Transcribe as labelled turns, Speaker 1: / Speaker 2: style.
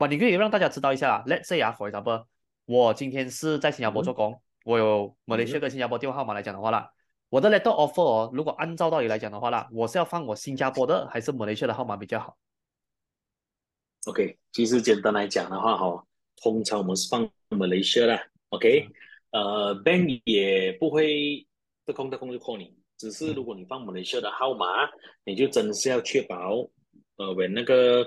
Speaker 1: 我你可以讓大家知道一下，let's say for example，我今天是在新加坡做工，嗯、我有 Malaysia 跟新加坡電話號碼來講的話啦，我的 letter of offer、哦、如果按照道理來講的話啦，我是要放我新加坡的，還是馬來西亞的號碼比較好
Speaker 2: ？OK，其實簡單來講的話哈，通常我們是放馬來西亞的啦，OK，呃、嗯 uh,，Bank 也不會，的空的空就 call 你，只是如果你放馬來西亞的號碼，你就真的是要確保，呃，為那個。